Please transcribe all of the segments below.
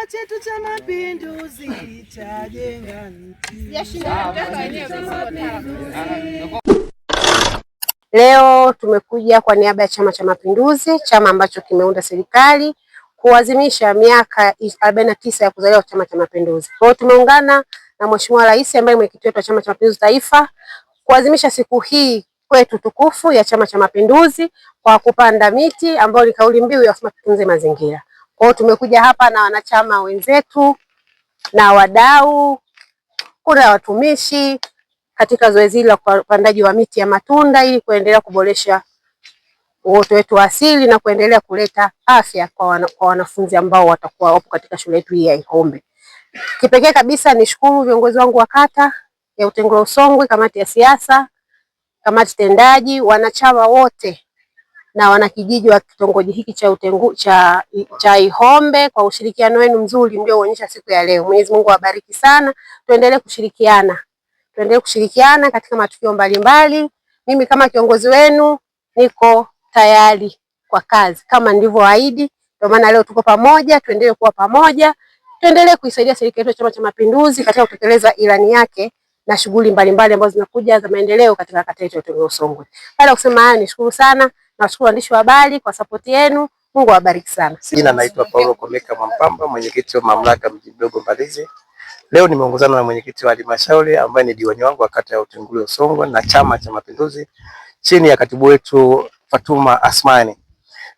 Chama chetu cha Mapinduzi chajenga nchi. Leo tumekuja kwa niaba ya Chama cha Mapinduzi, chama ambacho kimeunda serikali kuadhimisha miaka arobaini na tisa ya kuzaliwa Chama cha Mapinduzi. Kwa hiyo tumeungana na Mheshimiwa Rais ambaye mwenyekiti wetu wa Chama cha Mapinduzi Taifa kuadhimisha siku hii kwetu tukufu ya Chama cha Mapinduzi kwa kupanda miti ambayo ni kauli mbiu ya tunze mazingira. Kwa hiyo tumekuja hapa na wanachama wenzetu na wadau, kuna watumishi katika zoezi hili la upandaji wa miti ya matunda ili kuendelea kuboresha uoto wetu wa asili na kuendelea kuleta afya kwa, wana, kwa wanafunzi ambao watakuwa wapo katika shule yetu hii ya Ihombe. Kipekee kabisa nishukuru viongozi wangu wa kata ya Utengule Usongwe, kamati ya siasa, kamati tendaji, wanachama wote na wanakijiji wa kitongoji hiki cha Utengu, cha, cha Ihombe kwa ushirikiano wenu mzuri mlioonyesha siku ya leo. Mwenyezi Mungu awabariki sana. Tuendelee kushirikiana, tuendelee kushirikiana katika matukio mbalimbali Mimi kama kiongozi wenu niko tayari kwa kazi kama nilivyoahidi. Ndio maana leo tuko pamoja, tuendelee kuwa pamoja, tuendelee kuisaidia serikali yetu ya Chama cha Mapinduzi katika kutekeleza ilani yake na shughuli mbalimbali ambazo zinakuja za maendeleo katika kata yetu ya Itongero Songwe. Baada ya kusema haya, nishukuru sana, nawashukuru waandishi wa habari kwa sapoti yenu. Mungu awabariki sana. Jina naitwa Paulo Komeka Mwampamba, mwenyekiti wa mamlaka mji mdogo Mbalizi. Leo nimeongozana na mwenyekiti wa halmashauri ambaye ni diwani wangu wa kata ya Itongero Songwe na Chama cha Mapinduzi chini ya katibu wetu Fatuma Asmani.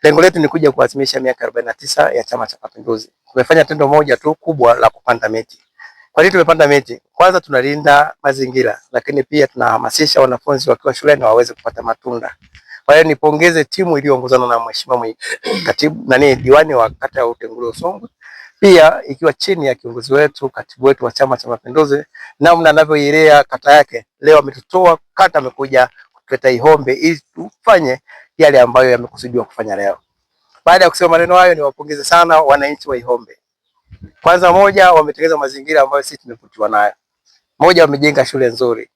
Lengo letu ni kuja kuadhimisha miaka 49 ya Chama cha Mapinduzi. Tumefanya tendo moja tu kubwa la kupanda miti. Kwa nini tumepanda miti? Kwanza tunalinda mazingira, lakini pia tunahamasisha wanafunzi wakiwa shuleni waweze kupata matunda. Kwa hiyo nipongeze timu iliyoongozana na mheshimiwa katibu nani diwani wa kata ya Utengule Songwe, pia ikiwa chini ya kiongozi wetu katibu wetu wa Chama cha Mapinduzi, namna anavyoilea kata yake. Leo ametutoa kata, amekuja kutuleta Ihombe ili tufanye yale ambayo yamekusudiwa kufanya leo. Baada ya kusema maneno hayo, niwapongeze sana wananchi wa Ihombe. Kwanza moja, wametengeneza mazingira ambayo sisi tumevutiwa nayo. Moja, wamejenga shule nzuri,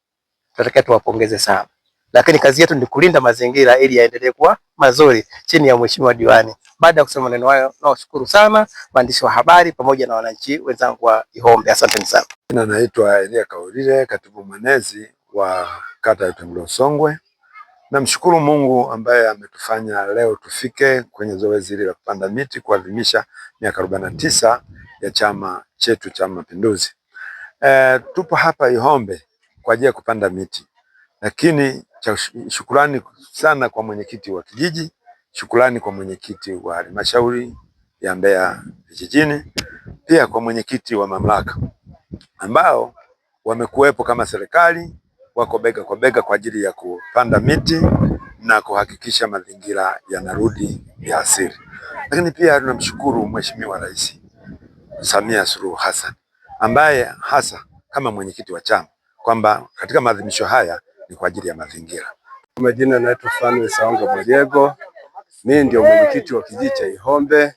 tunatakiwa tuwapongeze sana, lakini kazi yetu ni kulinda mazingira ili yaendelee kuwa mazuri chini ya mheshimiwa diwani. Baada ya kusema maneno hayo, nawashukuru sana waandishi wa habari pamoja na wananchi wenzangu wa Ihombe, asanteni sana. Jina naitwa Elia Kaulile, katibu mwenezi wa kata ya Tengulilo Songwe. Namshukuru Mungu ambaye ametufanya leo tufike kwenye zoezi hili la kupanda miti kuadhimisha miaka arobaini na tisa ya chama chetu cha Mapinduzi. E, tupo hapa Ihombe kwa ajili ya kupanda miti, lakini cha shukurani sana kwa mwenyekiti wa kijiji, shukurani kwa mwenyekiti wa halmashauri ya Mbeya vijijini, pia kwa mwenyekiti wa mamlaka ambao wamekuwepo kama serikali, wako bega kwa bega kwa ajili ya kupanda miti na kuhakikisha mazingira yanarudi ya asili. Lakini pia tunamshukuru Mheshimiwa Rais Samia Suluhu Hassan ambaye hasa kama mwenyekiti wa chama kwamba katika maadhimisho haya ni kwa ajili ya mazingira. Kwa majina naitwa Fanuel Saonga Mwajego, mimi ndio mwenyekiti wa kijiji cha Ihombe,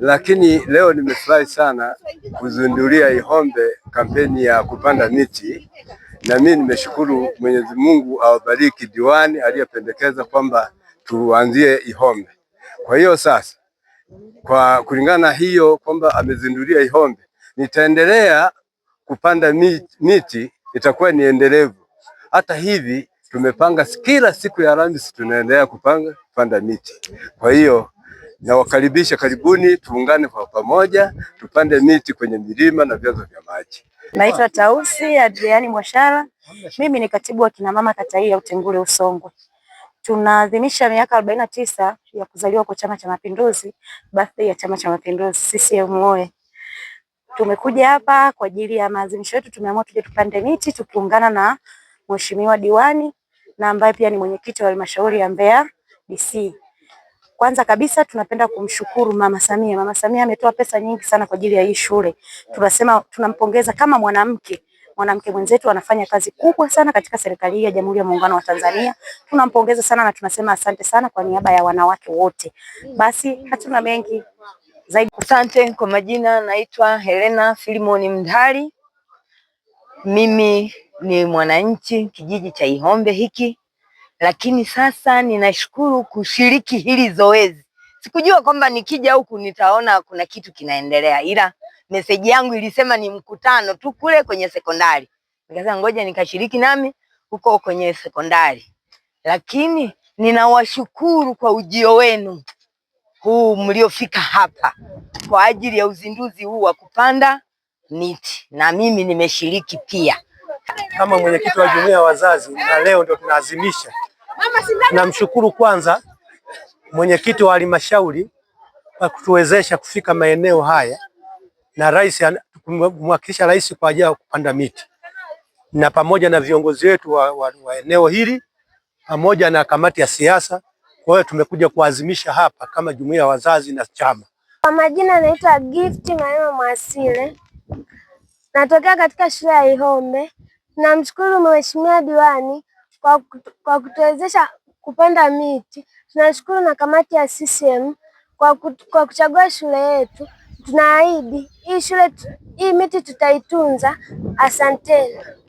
lakini leo nimefurahi sana kuzindulia Ihombe kampeni ya kupanda miti, na mimi nimeshukuru Mwenyezi Mungu awabariki diwani aliyependekeza kwamba tuanzie Ihombe. Kwa hiyo sasa kwa kulingana na hiyo kwamba amezindulia Ihombe, nitaendelea kupanda miti, itakuwa ni endelevu. Hata hivi tumepanga kila siku ya Alhamisi tunaendelea kupanga kupanda miti. Kwa hiyo nawakaribisha, karibuni, tuungane kwa pamoja, tupande miti kwenye milima na vyanzo vya maji. Naitwa Tausi Adriani Mwashara, mimi ni katibu wa kinamama kata hii ya Utengule Usongwe. Tunaadhimisha miaka arobaini na tisa ya kuzaliwa kwa Chama cha Mapinduzi, birthday ya Chama cha Mapinduzi CCM oye. Tumekuja hapa kwa ajili ya maadhimisho yetu, tumeamua tuje tupande miti tukiungana na Mheshimiwa diwani na ambaye pia ni mwenyekiti wa halmashauri ya Mbeya DC. Kwanza kabisa tunapenda kumshukuru Mama Samia. Mama Samia ametoa pesa nyingi sana kwa ajili ya hii shule. Tunasema tunampongeza kama mwanamke mwanamke mwenzetu anafanya kazi kubwa sana katika serikali ya Jamhuri ya Muungano wa Tanzania. Tunampongeza sana na tunasema asante sana kwa niaba ya wanawake wote. Basi hatuna mengi zaidi. Asante kwa majina, naitwa Helena Filimoni Mndali. Mimi ni mwananchi kijiji cha Ihombe hiki, lakini sasa ninashukuru kushiriki hili zoezi Sikujua kwamba nikija huku nitaona kuna kitu kinaendelea, ila meseji yangu ilisema ni mkutano tu kule kwenye sekondari. Nikasema ngoja nikashiriki nami huko kwenye sekondari, lakini ninawashukuru kwa ujio wenu huu mliofika hapa kwa ajili ya uzinduzi huu wa kupanda miti, na mimi nimeshiriki pia kama mwenyekiti wa jumuiya ya wazazi, na leo ndio tunaazimisha. Namshukuru kwanza mwenyekiti wa halmashauri kwa kutuwezesha kufika maeneo haya na rais kumwakilisha rais kwa ajili ya kupanda miti na pamoja na viongozi wetu wa, wa, wa eneo hili pamoja na kamati ya siasa. Kwa hiyo tumekuja kuazimisha hapa kama jumuiya ya wazazi na chama. Kwa majina anaitwa Gift Maema Mwasile, natokea katika shule ya Ihombe. Namshukuru mheshimiwa diwani kwa kutuwezesha kupanda miti. Tunashukuru na kamati ya CCM kwa, kwa kuchagua shule yetu. Tunaahidi hii shule hii miti tutaitunza. Asanteni.